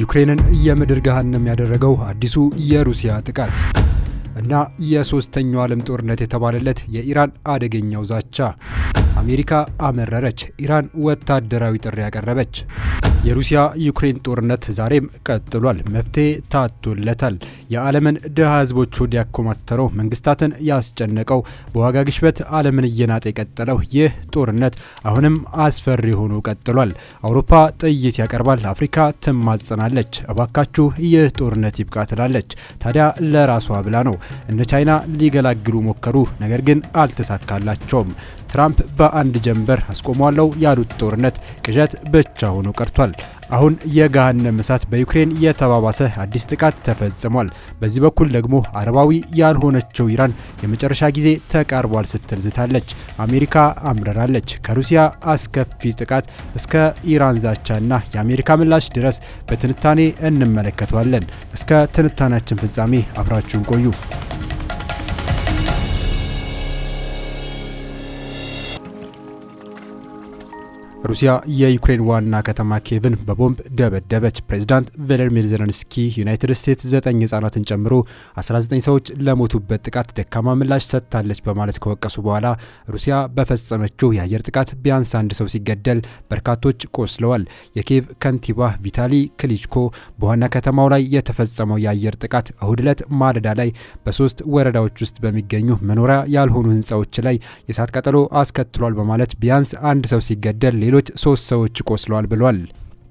ዩክሬንን የምድር ገሃነም ያደረገው አዲሱ የሩሲያ ጥቃት እና የሶስተኛው ዓለም ጦርነት የተባለለት የኢራን አደገኛው ዛቻ። አሜሪካ አመረረች፣ ኢራን ወታደራዊ ጥሪ ያቀረበች። የሩሲያ ዩክሬን ጦርነት ዛሬም ቀጥሏል። መፍትሄ ታቶለታል። የዓለምን ድሃ ህዝቦች ሆድ ያኮማተረው፣ መንግስታትን ያስጨነቀው፣ በዋጋ ግሽበት ዓለምን እየናጠ የቀጠለው ይህ ጦርነት አሁንም አስፈሪ ሆኖ ቀጥሏል። አውሮፓ ጥይት ያቀርባል፣ አፍሪካ ትማጸናለች፣ እባካችሁ ይህ ጦርነት ይብቃ ትላለች። ታዲያ ለራሷ ብላ ነው። እነ ቻይና ሊገላግሉ ሞከሩ፣ ነገር ግን አልተሳካላቸውም። ትራምፕ በአንድ ጀንበር አስቆሟለው ያሉት ጦርነት ቅዠት ብቻ ሆኖ ቀርቷል። አሁን የገሃነም እሳት በዩክሬን የተባባሰ አዲስ ጥቃት ተፈጽሟል። በዚህ በኩል ደግሞ አረባዊ ያልሆነችው ኢራን የመጨረሻ ጊዜ ተቃርቧል ስትል ዝታለች። አሜሪካ አምረራለች። ከሩሲያ አስከፊ ጥቃት እስከ ኢራን ዛቻና የአሜሪካ ምላሽ ድረስ በትንታኔ እንመለከተዋለን። እስከ ትንታኔያችን ፍጻሜ አብራችሁን ቆዩ። ሩሲያ የዩክሬን ዋና ከተማ ኬቭን በቦምብ ደበደበች። ፕሬዚዳንት ቬለድሚር ዜለንስኪ ዩናይትድ ስቴትስ ዘጠኝ ህጻናትን ጨምሮ 19 ሰዎች ለሞቱበት ጥቃት ደካማ ምላሽ ሰጥታለች በማለት ከወቀሱ በኋላ ሩሲያ በፈጸመችው የአየር ጥቃት ቢያንስ አንድ ሰው ሲገደል በርካቶች ቆስለዋል። የኬቭ ከንቲባ ቪታሊ ክሊችኮ በዋና ከተማው ላይ የተፈጸመው የአየር ጥቃት እሁድ ዕለት ማለዳ ላይ በሶስት ወረዳዎች ውስጥ በሚገኙ መኖሪያ ያልሆኑ ህንፃዎች ላይ የእሳት ቃጠሎ አስከትሏል በማለት ቢያንስ አንድ ሰው ሲገደል ሌሎች ሶስት ሰዎች ቆስለዋል ብሏል።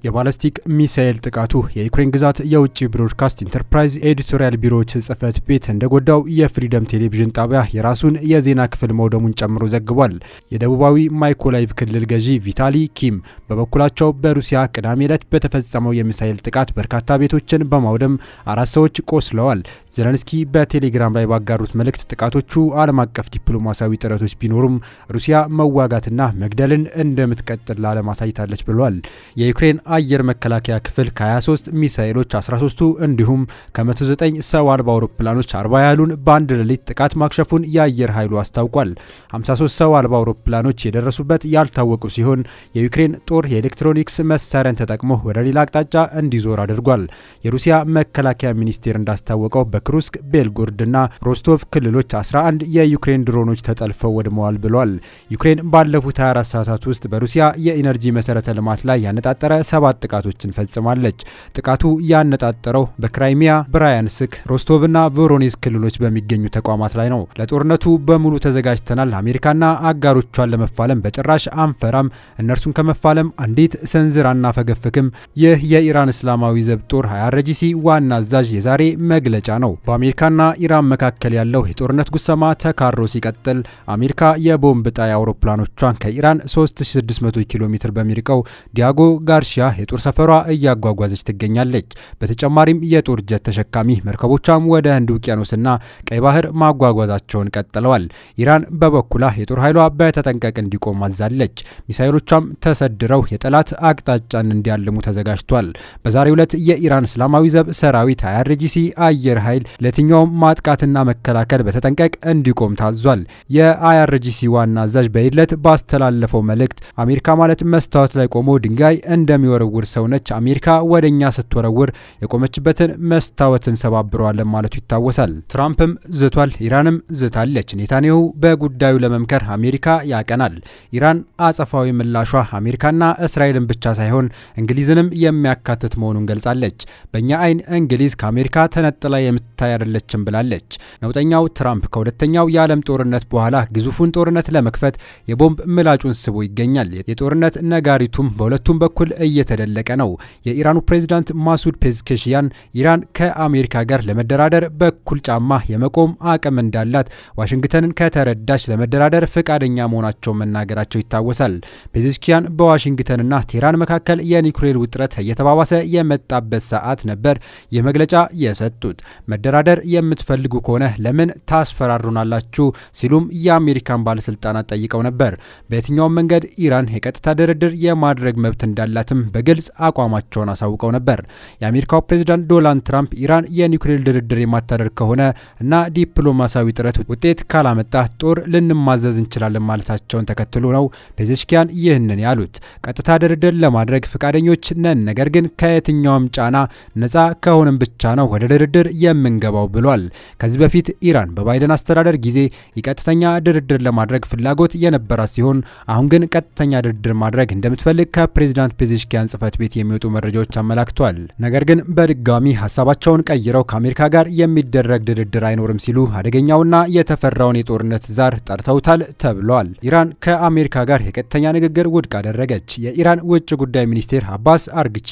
የባለስቲክ ሚሳኤል ጥቃቱ የዩክሬን ግዛት የውጭ ብሮድካስት ኢንተርፕራይዝ ኤዲቶሪያል ቢሮዎች ጽህፈት ቤት እንደጎዳው የፍሪደም ቴሌቪዥን ጣቢያ የራሱን የዜና ክፍል መውደሙን ጨምሮ ዘግቧል። የደቡባዊ ማይኮላይቭ ክልል ገዢ ቪታሊ ኪም በበኩላቸው በሩሲያ ቅዳሜ ዕለት በተፈጸመው የሚሳኤል ጥቃት በርካታ ቤቶችን በማውደም አራት ሰዎች ቆስለዋል። ዘለንስኪ በቴሌግራም ላይ ባጋሩት መልእክት ጥቃቶቹ ዓለም አቀፍ ዲፕሎማሲያዊ ጥረቶች ቢኖሩም ሩሲያ መዋጋትና መግደልን እንደምትቀጥል ላለማሳይታለች ብሏል። የዩክሬን አየር መከላከያ ክፍል ከ23 ሚሳኤሎች 13ቱ እንዲሁም ከ109 ሰው አልባ አውሮፕላኖች 40 ያሉን በአንድ ሌሊት ጥቃት ማክሸፉን የአየር ኃይሉ አስታውቋል። 53 ሰው አልባ አውሮፕላኖች የደረሱበት ያልታወቁ ሲሆን የዩክሬን ጦር የኤሌክትሮኒክስ መሳሪያን ተጠቅሞ ወደ ሌላ አቅጣጫ እንዲዞር አድርጓል። የሩሲያ መከላከያ ሚኒስቴር እንዳስታወቀው በክሩስክ፣ ቤልጎርድና ሮስቶቭ ክልሎች 11 የዩክሬን ድሮኖች ተጠልፈው ወድመዋል ብሏል። ዩክሬን ባለፉት 24 ሰዓታት ውስጥ በሩሲያ የኢነርጂ መሰረተ ልማት ላይ ያነጣጠረ ሰባት ጥቃቶችን ፈጽማለች። ጥቃቱ ያነጣጠረው በክራይሚያ ብራያንስክ፣ ሮስቶቭና ቮሮኔዝ ክልሎች በሚገኙ ተቋማት ላይ ነው። ለጦርነቱ በሙሉ ተዘጋጅተናል። አሜሪካና አጋሮቿን ለመፋለም በጭራሽ አንፈራም። እነርሱን ከመፋለም አንዲት ሰንዝር አናፈገፍክም። ይህ የኢራን እስላማዊ ዘብ ጦር አይአርጂሲ ዋና አዛዥ የዛሬ መግለጫ ነው። በአሜሪካና ኢራን መካከል ያለው የጦርነት ጉሰማ ተካሮ ሲቀጥል አሜሪካ የቦምብ ጣይ አውሮፕላኖቿን ከኢራን 3600 ኪሎ ሜትር በሚርቀው ዲያጎ ጋርሺያ የጦር ሰፈሯ እያጓጓዘች ትገኛለች። በተጨማሪም የጦር ጀት ተሸካሚ መርከቦቿም ወደ ህንድ ውቅያኖስና ቀይ ባህር ማጓጓዛቸውን ቀጥለዋል። ኢራን በበኩላ የጦር ኃይሏ በተጠንቀቅ እንዲቆም አዛለች። ሚሳይሎቿም ተሰድረው የጠላት አቅጣጫን እንዲያልሙ ተዘጋጅቷል። በዛሬው ዕለት የኢራን እስላማዊ ዘብ ሰራዊት አይአርጂሲ አየር ኃይል ለትኛውም ማጥቃትና መከላከል በተጠንቀቅ እንዲቆም ታዟል። የአይአርጂሲ ዋና አዛዥ በሂድለት ባስተላለፈው መልእክት አሜሪካ ማለት መስታወት ላይ ቆሞ ድንጋይ እንደሚወር የምትወረውር ሰው ነች። አሜሪካ ወደ እኛ ስትወረውር የቆመችበትን መስታወትን ሰባብረዋለን ማለቱ ይታወሳል። ትራምፕም ዝቷል፣ ኢራንም ዝታለች። ኔታንያሁ በጉዳዩ ለመምከር አሜሪካ ያቀናል። ኢራን አጸፋዊ ምላሿ አሜሪካና እስራኤልን ብቻ ሳይሆን እንግሊዝንም የሚያካትት መሆኑን ገልጻለች። በእኛ አይን እንግሊዝ ከአሜሪካ ተነጥላ የምታይ አይደለችም ብላለች። ነውጠኛው ትራምፕ ከሁለተኛው የዓለም ጦርነት በኋላ ግዙፉን ጦርነት ለመክፈት የቦምብ ምላጩን ስቦ ይገኛል። የጦርነት ነጋሪቱም በሁለቱም በኩል እየ እየተደለቀ ነው። የኢራኑ ፕሬዚዳንት ማሱድ ፔዝኬሽያን ኢራን ከአሜሪካ ጋር ለመደራደር በኩል ጫማ የመቆም አቅም እንዳላት ዋሽንግተንን ከተረዳች ለመደራደር ፈቃደኛ መሆናቸው መናገራቸው ይታወሳል። ፔዝኬሽያን በዋሽንግተንና ቴህራን መካከል የኒውክሌር ውጥረት እየተባባሰ የመጣበት ሰዓት ነበር ይህ መግለጫ የሰጡት። መደራደር የምትፈልጉ ከሆነ ለምን ታስፈራሩናላችሁ? ሲሉም የአሜሪካን ባለስልጣናት ጠይቀው ነበር። በየትኛውም መንገድ ኢራን የቀጥታ ድርድር የማድረግ መብት እንዳላትም በግልጽ አቋማቸውን አሳውቀው ነበር። የአሜሪካው ፕሬዚዳንት ዶናልድ ትራምፕ ኢራን የኒውክሌር ድርድር የማታደርግ ከሆነ እና ዲፕሎማሲያዊ ጥረት ውጤት ካላመጣ ጦር ልንማዘዝ እንችላለን ማለታቸውን ተከትሎ ነው ፔዜሽኪያን ይህንን ያሉት። ቀጥታ ድርድር ለማድረግ ፈቃደኞች ነን፣ ነገር ግን ከየትኛውም ጫና ነጻ ከሆንም ብቻ ነው ወደ ድርድር የምንገባው ብሏል። ከዚህ በፊት ኢራን በባይደን አስተዳደር ጊዜ የቀጥተኛ ድርድር ለማድረግ ፍላጎት የነበራት ሲሆን አሁን ግን ቀጥተኛ ድርድር ማድረግ እንደምትፈልግ ከፕሬዚዳንት ፔዜሽኪያን ቤተክርስቲያን ጽህፈት ቤት የሚወጡ መረጃዎች አመላክቷል። ነገር ግን በድጋሚ ሀሳባቸውን ቀይረው ከአሜሪካ ጋር የሚደረግ ድርድር አይኖርም ሲሉ አደገኛውና የተፈራውን የጦርነት ዛር ጠርተውታል ተብሏል። ኢራን ከአሜሪካ ጋር የቀጥተኛ ንግግር ውድቅ አደረገች። የኢራን ውጭ ጉዳይ ሚኒስቴር አባስ አርግቺ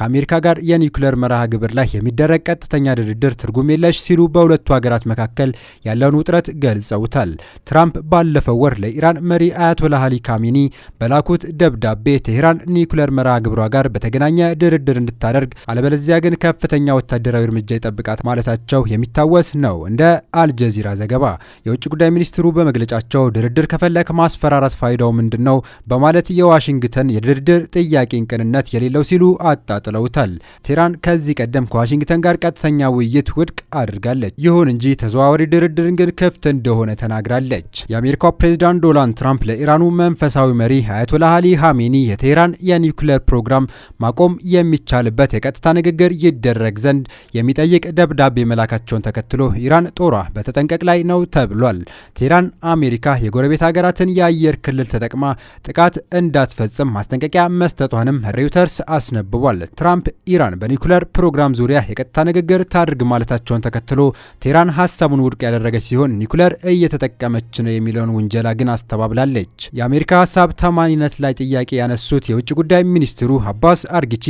ከአሜሪካ ጋር የኒውክሌር መርሃ ግብር ላይ የሚደረግ ቀጥተኛ ድርድር ትርጉም የለሽ ሲሉ በሁለቱ ሀገራት መካከል ያለውን ውጥረት ገልጸውታል። ትራምፕ ባለፈው ወር ለኢራን መሪ አያቶላ አሊ ካሚኒ በላኩት ደብዳቤ ቴሄራን ኒውክሌር መርሃ ግብሯ ጋር በተገናኘ ድርድር እንድታደርግ አለበለዚያ ግን ከፍተኛ ወታደራዊ እርምጃ ይጠብቃት ማለታቸው የሚታወስ ነው። እንደ አልጀዚራ ዘገባ የውጭ ጉዳይ ሚኒስትሩ በመግለጫቸው ድርድር ከፈለክ ማስፈራራት ፋይዳው ምንድን ነው በማለት የዋሽንግተን የድርድር ጥያቄን ቅንነት የሌለው ሲሉ አጣጥለውታል። ቴህራን ከዚህ ቀደም ከዋሽንግተን ጋር ቀጥተኛ ውይይት ውድቅ አድርጋለች። ይሁን እንጂ ተዘዋዋሪ ድርድርን ግን ክፍት እንደሆነ ተናግራለች። የአሜሪካው ፕሬዚዳንት ዶናልድ ትራምፕ ለኢራኑ መንፈሳዊ መሪ አያቶላህ አሊ ሀሜኒ የቴህራን የኒውክሌር ፕሮግራም ማቆም የሚቻልበት የቀጥታ ንግግር ይደረግ ዘንድ የሚጠይቅ ደብዳቤ መላካቸውን ተከትሎ ኢራን ጦሯ በተጠንቀቅ ላይ ነው ተብሏል። ቴህራን አሜሪካ የጎረቤት ሀገራትን የአየር ክልል ተጠቅማ ጥቃት እንዳትፈጽም ማስጠንቀቂያ መስጠቷንም ሬውተርስ አስነብቧል። ትራምፕ ኢራን በኒኩለር ፕሮግራም ዙሪያ የቀጥታ ንግግር ታድርግ ማለታቸውን ተከትሎ ቴህራን ሀሳቡን ውድቅ ያደረገች ሲሆን ኒኩለር እየተጠቀመች ነው የሚለውን ውንጀላ ግን አስተባብላለች። የአሜሪካ ሀሳብ ተማኒነት ላይ ጥያቄ ያነሱት የውጭ ጉዳይ ሚኒስትሩ ሚኒስትሩ አባስ አርጊቺ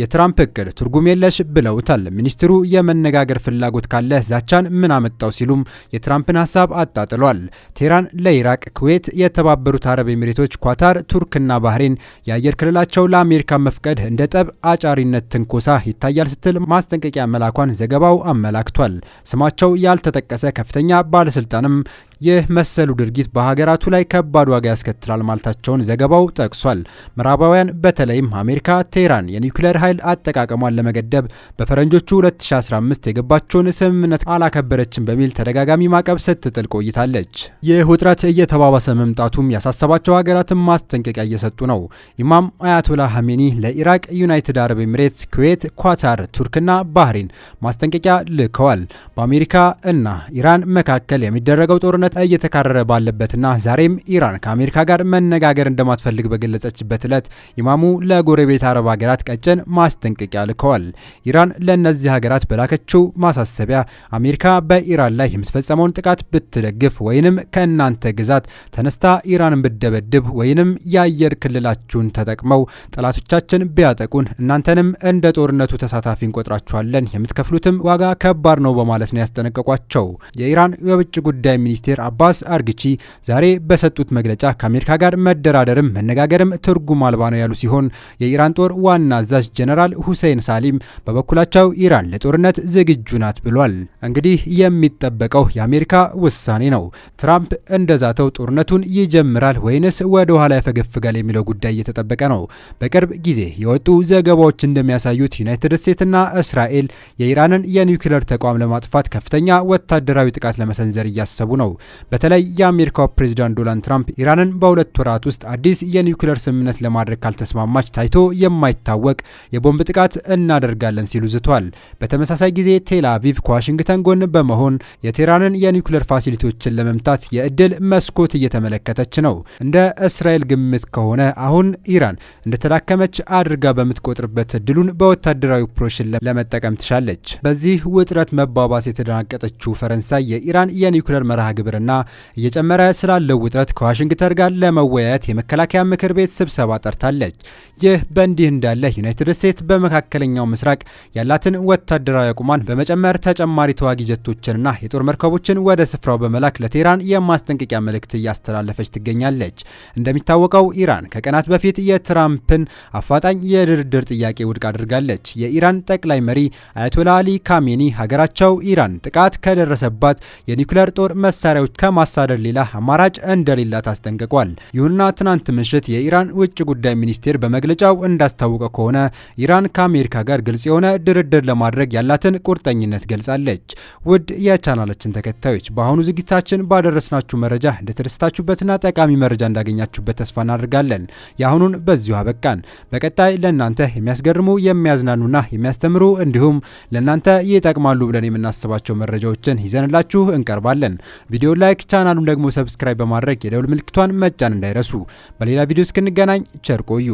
የትራምፕ እቅድ ትርጉም የለሽ ብለውታል። ሚኒስትሩ የመነጋገር ፍላጎት ካለ ዛቻን ምን አመጣው ሲሉም የትራምፕን ሀሳብ አጣጥሏል። ቴህራን ለኢራቅ፣ ኩዌት፣ የተባበሩት አረብ ኤሚሬቶች፣ ኳታር፣ ቱርክና ባህሬን የአየር ክልላቸው ለአሜሪካ መፍቀድ እንደ ጠብ አጫሪነት ትንኮሳ ይታያል ስትል ማስጠንቀቂያ መላኳን ዘገባው አመላክቷል። ስማቸው ያልተጠቀሰ ከፍተኛ ባለስልጣንም ይህ መሰሉ ድርጊት በሀገራቱ ላይ ከባድ ዋጋ ያስከትላል ማለታቸውን ዘገባው ጠቅሷል። ምዕራባውያን በተለይም አሜሪካ ቴህራን የኒውክሌር ኃይል አጠቃቀሟን ለመገደብ በፈረንጆቹ 2015 የገባቸውን ስምምነት አላከበረችም በሚል ተደጋጋሚ ማዕቀብ ስትጥል ቆይታለች። ይህ ውጥረት እየተባባሰ መምጣቱም ያሳሰባቸው ሀገራትን ማስጠንቀቂያ እየሰጡ ነው። ኢማም አያቶላ ሀሜኒ ለኢራቅ፣ ዩናይትድ አረብ ኤምሬትስ፣ ኩዌት፣ ኳታር፣ ቱርክና ባህሬን ማስጠንቀቂያ ልከዋል። በአሜሪካ እና ኢራን መካከል የሚደረገው ጦርነት ጦርነት እየተካረረ ባለበትና ዛሬም ኢራን ከአሜሪካ ጋር መነጋገር እንደማትፈልግ በገለጸችበት ዕለት ኢማሙ ለጎረቤት አረብ ሀገራት ቀጭን ማስጠንቀቂያ ልከዋል። ኢራን ለእነዚህ ሀገራት በላከችው ማሳሰቢያ አሜሪካ በኢራን ላይ የምትፈጸመውን ጥቃት ብትደግፍ ወይንም ከእናንተ ግዛት ተነስታ ኢራንን ብደበድብ ወይንም የአየር ክልላችሁን ተጠቅመው ጠላቶቻችን ቢያጠቁን እናንተንም እንደ ጦርነቱ ተሳታፊ እንቆጥራችኋለን፣ የምትከፍሉትም ዋጋ ከባድ ነው በማለት ነው ያስጠነቀቋቸው። የኢራን የውጭ ጉዳይ ሚኒስቴር ሚኒስቴር አባስ አርግቺ ዛሬ በሰጡት መግለጫ ከአሜሪካ ጋር መደራደርም መነጋገርም ትርጉም አልባ ነው ያሉ ሲሆን የኢራን ጦር ዋና አዛዥ ጀነራል ሁሴን ሳሊም በበኩላቸው ኢራን ለጦርነት ዝግጁ ናት ብሏል። እንግዲህ የሚጠበቀው የአሜሪካ ውሳኔ ነው። ትራምፕ እንደዛተው ጦርነቱን ይጀምራል ወይንስ ወደ ኋላ ያፈገፍጋል የሚለው ጉዳይ እየተጠበቀ ነው። በቅርብ ጊዜ የወጡ ዘገባዎች እንደሚያሳዩት ዩናይትድ ስቴትስና እስራኤል የኢራንን የኒውክሌር ተቋም ለማጥፋት ከፍተኛ ወታደራዊ ጥቃት ለመሰንዘር እያሰቡ ነው። በተለይ የአሜሪካው ፕሬዚዳንት ዶናልድ ትራምፕ ኢራንን በሁለት ወራት ውስጥ አዲስ የኒውክሌር ስምምነት ለማድረግ ካልተስማማች ታይቶ የማይታወቅ የቦምብ ጥቃት እናደርጋለን ሲሉ ዝቷል። በተመሳሳይ ጊዜ ቴል አቪቭ ከዋሽንግተን ጎን በመሆን የቴህራንን የኒውክሌር ፋሲሊቲዎችን ለመምታት የእድል መስኮት እየተመለከተች ነው። እንደ እስራኤል ግምት ከሆነ አሁን ኢራን እንደተዳከመች አድርጋ በምትቆጥርበት እድሉን በወታደራዊ ኦፕሬሽን ለመጠቀም ትሻለች። በዚህ ውጥረት መባባስ የተደናቀጠችው ፈረንሳይ የኢራን የኒውክሌር መርሃ ግብር ግብርና እየጨመረ ስላለው ውጥረት ከዋሽንግተን ጋር ለመወያየት የመከላከያ ምክር ቤት ስብሰባ ጠርታለች። ይህ በእንዲህ እንዳለ ዩናይትድ ስቴትስ በመካከለኛው ምስራቅ ያላትን ወታደራዊ አቁሟን በመጨመር ተጨማሪ ተዋጊ ጀቶችንና የጦር መርከቦችን ወደ ስፍራው በመላክ ለቴህራን የማስጠንቀቂያ መልእክት እያስተላለፈች ትገኛለች። እንደሚታወቀው ኢራን ከቀናት በፊት የትራምፕን አፋጣኝ የድርድር ጥያቄ ውድቅ አድርጋለች። የኢራን ጠቅላይ መሪ አያቶላ አሊ ካሜኒ ሀገራቸው ኢራን ጥቃት ከደረሰባት የኒውክሌር ጦር መሳሪያ ተፈናቃዮች ከማሳደድ ሌላ አማራጭ እንደሌላት አስጠንቅቋል። ይሁንና ትናንት ምሽት የኢራን ውጭ ጉዳይ ሚኒስቴር በመግለጫው እንዳስታወቀ ከሆነ ኢራን ከአሜሪካ ጋር ግልጽ የሆነ ድርድር ለማድረግ ያላትን ቁርጠኝነት ገልጻለች። ውድ የቻናላችን ተከታዮች በአሁኑ ዝግጅታችን ባደረስናችሁ መረጃ እንደተደሰታችሁበትና ጠቃሚ መረጃ እንዳገኛችሁበት ተስፋ እናደርጋለን። የአሁኑን በዚሁ አበቃን። በቀጣይ ለእናንተ የሚያስገርሙ የሚያዝናኑና የሚያስተምሩ እንዲሁም ለእናንተ ይጠቅማሉ ብለን የምናስባቸው መረጃዎችን ይዘንላችሁ እንቀርባለን ቪዲዮ ቪዲዮ ላይክ፣ ቻናሉን ደግሞ ሰብስክራይብ በማድረግ የደውል ምልክቷን መጫን እንዳይረሱ። በሌላ ቪዲዮ እስክንገናኝ ቸር ቆዩ።